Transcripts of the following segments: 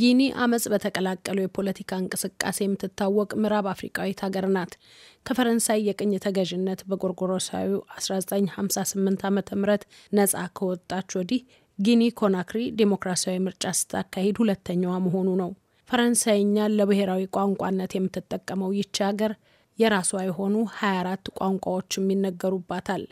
ጊኒ አመፅ በተቀላቀለው የፖለቲካ እንቅስቃሴ የምትታወቅ ምዕራብ አፍሪቃዊት ሀገር ናት። ከፈረንሳይ የቅኝ ተገዥነት በጎርጎሮሳዊ 1958 ዓ ም ነጻ ከወጣች ወዲህ ጊኒ ኮናክሪ ዴሞክራሲያዊ ምርጫ ስታካሂድ ሁለተኛዋ መሆኑ ነው። ፈረንሳይኛን ለብሔራዊ ቋንቋነት የምትጠቀመው ይቺ ሀገር የራሷ የሆኑ 24 ቋንቋዎችም ይነገሩባታል።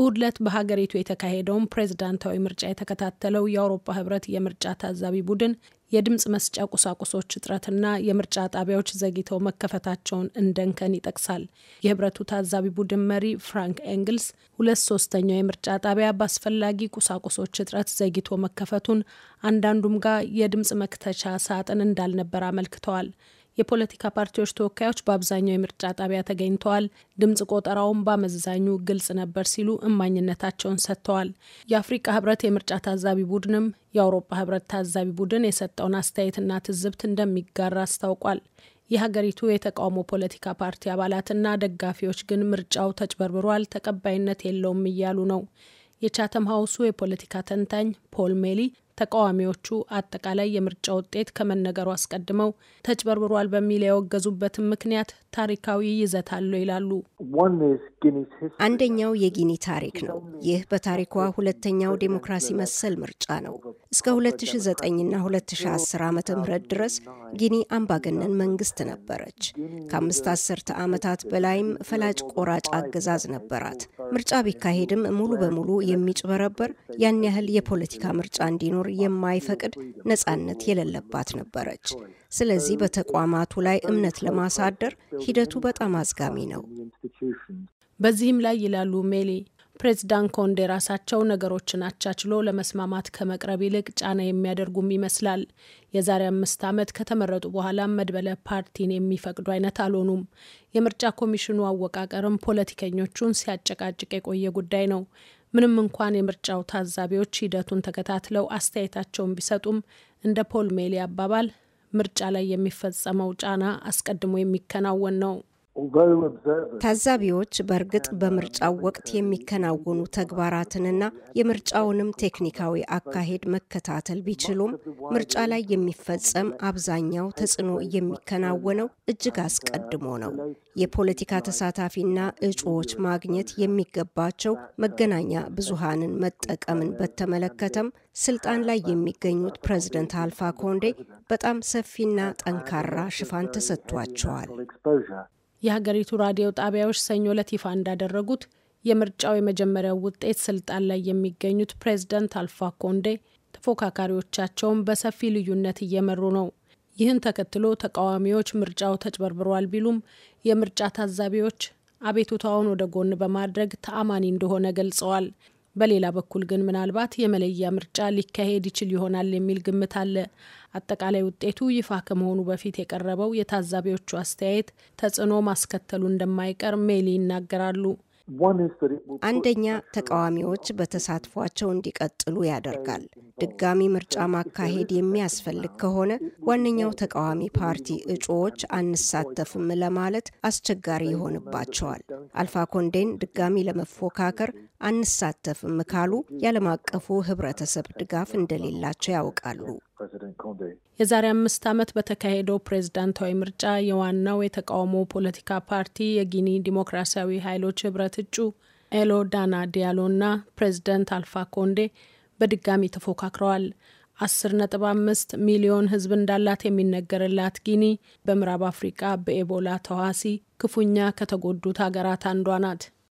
እሁድ ዕለት በሀገሪቱ የተካሄደውን ፕሬዝዳንታዊ ምርጫ የተከታተለው የአውሮፓ ህብረት የምርጫ ታዛቢ ቡድን የድምፅ መስጫ ቁሳቁሶች እጥረትና የምርጫ ጣቢያዎች ዘግይተው መከፈታቸውን እንደንከን ይጠቅሳል። የህብረቱ ታዛቢ ቡድን መሪ ፍራንክ ኤንግልስ ሁለት ሶስተኛው የምርጫ ጣቢያ በአስፈላጊ ቁሳቁሶች እጥረት ዘግይቶ መከፈቱን፣ አንዳንዱም ጋር የድምፅ መክተቻ ሳጥን እንዳልነበር አመልክተዋል። የፖለቲካ ፓርቲዎች ተወካዮች በአብዛኛው የምርጫ ጣቢያ ተገኝተዋል። ድምፅ ቆጠራውም በአመዛኙ ግልጽ ነበር ሲሉ እማኝነታቸውን ሰጥተዋል። የአፍሪቃ ህብረት የምርጫ ታዛቢ ቡድንም የአውሮፓ ህብረት ታዛቢ ቡድን የሰጠውን አስተያየትና ትዝብት እንደሚጋራ አስታውቋል። የሀገሪቱ የተቃውሞ ፖለቲካ ፓርቲ አባላትና ደጋፊዎች ግን ምርጫው ተጭበርብሯል፣ ተቀባይነት የለውም እያሉ ነው። የቻተም ሀውሱ የፖለቲካ ተንታኝ ፖል ሜሊ ተቃዋሚዎቹ አጠቃላይ የምርጫ ውጤት ከመነገሩ አስቀድመው ተጭበርብሯል በሚል ያወገዙበትን ምክንያት ታሪካዊ ይዘት አለው ይላሉ። አንደኛው የጊኒ ታሪክ ነው። ይህ በታሪኳ ሁለተኛው ዴሞክራሲ መሰል ምርጫ ነው። እስከ 2009ና 2010 ዓ ም ድረስ ጊኒ አምባገነን መንግስት ነበረች። ከአምስት አስርተ ዓመታት በላይም ፈላጭ ቆራጭ አገዛዝ ነበራት። ምርጫ ቢካሄድም ሙሉ በሙሉ የሚጭበረበር ያን ያህል የፖለቲካ ምርጫ እንዲኖር የማይፈቅድ ነፃነት የሌለባት ነበረች። ስለዚህ በተቋማቱ ላይ እምነት ለማሳደር ሂደቱ በጣም አዝጋሚ ነው። በዚህም ላይ ይላሉ ሜሌ ፕሬዚዳንት ኮንዴ ራሳቸው ነገሮችን አቻችሎ ለመስማማት ከመቅረብ ይልቅ ጫና የሚያደርጉም ይመስላል። የዛሬ አምስት ዓመት ከተመረጡ በኋላም መድበለ ፓርቲን የሚፈቅዱ አይነት አልሆኑም። የምርጫ ኮሚሽኑ አወቃቀርም ፖለቲከኞቹን ሲያጨቃጭቅ የቆየ ጉዳይ ነው። ምንም እንኳን የምርጫው ታዛቢዎች ሂደቱን ተከታትለው አስተያየታቸውን ቢሰጡም እንደ ፖል ሜሊ አባባል ምርጫ ላይ የሚፈጸመው ጫና አስቀድሞ የሚከናወን ነው። ታዛቢዎች በእርግጥ በምርጫው ወቅት የሚከናወኑ ተግባራትንና የምርጫውንም ቴክኒካዊ አካሄድ መከታተል ቢችሉም ምርጫ ላይ የሚፈጸም አብዛኛው ተጽዕኖ የሚከናወነው እጅግ አስቀድሞ ነው። የፖለቲካ ተሳታፊና እጩዎች ማግኘት የሚገባቸው መገናኛ ብዙሃንን መጠቀምን በተመለከተም ስልጣን ላይ የሚገኙት ፕሬዝደንት አልፋ ኮንዴ በጣም ሰፊና ጠንካራ ሽፋን ተሰጥቷቸዋል። የሀገሪቱ ራዲዮ ጣቢያዎች ሰኞ ዕለት ይፋ እንዳደረጉት የምርጫው የመጀመሪያው ውጤት ስልጣን ላይ የሚገኙት ፕሬዝደንት አልፋ ኮንዴ ተፎካካሪዎቻቸውን በሰፊ ልዩነት እየመሩ ነው። ይህን ተከትሎ ተቃዋሚዎች ምርጫው ተጭበርብሯል ቢሉም የምርጫ ታዛቢዎች አቤቱታውን ወደ ጎን በማድረግ ተአማኒ እንደሆነ ገልጸዋል። በሌላ በኩል ግን ምናልባት የመለያ ምርጫ ሊካሄድ ይችል ይሆናል የሚል ግምት አለ። አጠቃላይ ውጤቱ ይፋ ከመሆኑ በፊት የቀረበው የታዛቢዎቹ አስተያየት ተጽዕኖ ማስከተሉ እንደማይቀር ሜሊ ይናገራሉ። አንደኛ ተቃዋሚዎች በተሳትፏቸው እንዲቀጥሉ ያደርጋል። ድጋሚ ምርጫ ማካሄድ የሚያስፈልግ ከሆነ ዋነኛው ተቃዋሚ ፓርቲ እጩዎች አንሳተፍም ለማለት አስቸጋሪ ይሆንባቸዋል። አልፋ ኮንዴን ድጋሚ ለመፎካከር አንሳተፍም ካሉ ያለም አቀፉ ሕብረተሰብ ድጋፍ እንደሌላቸው ያውቃሉ። የዛሬ አምስት ዓመት በተካሄደው ፕሬዝዳንታዊ ምርጫ የዋናው የተቃውሞ ፖለቲካ ፓርቲ የጊኒ ዲሞክራሲያዊ ኃይሎች ህብረት እጩ ኤሎ ዳና ዲያሎ እና ፕሬዝዳንት አልፋ ኮንዴ በድጋሚ ተፎካክረዋል። አስር ነጥብ አምስት ሚሊዮን ህዝብ እንዳላት የሚነገርላት ጊኒ በምዕራብ አፍሪቃ በኤቦላ ተዋሲ ክፉኛ ከተጎዱት ሀገራት አንዷ ናት።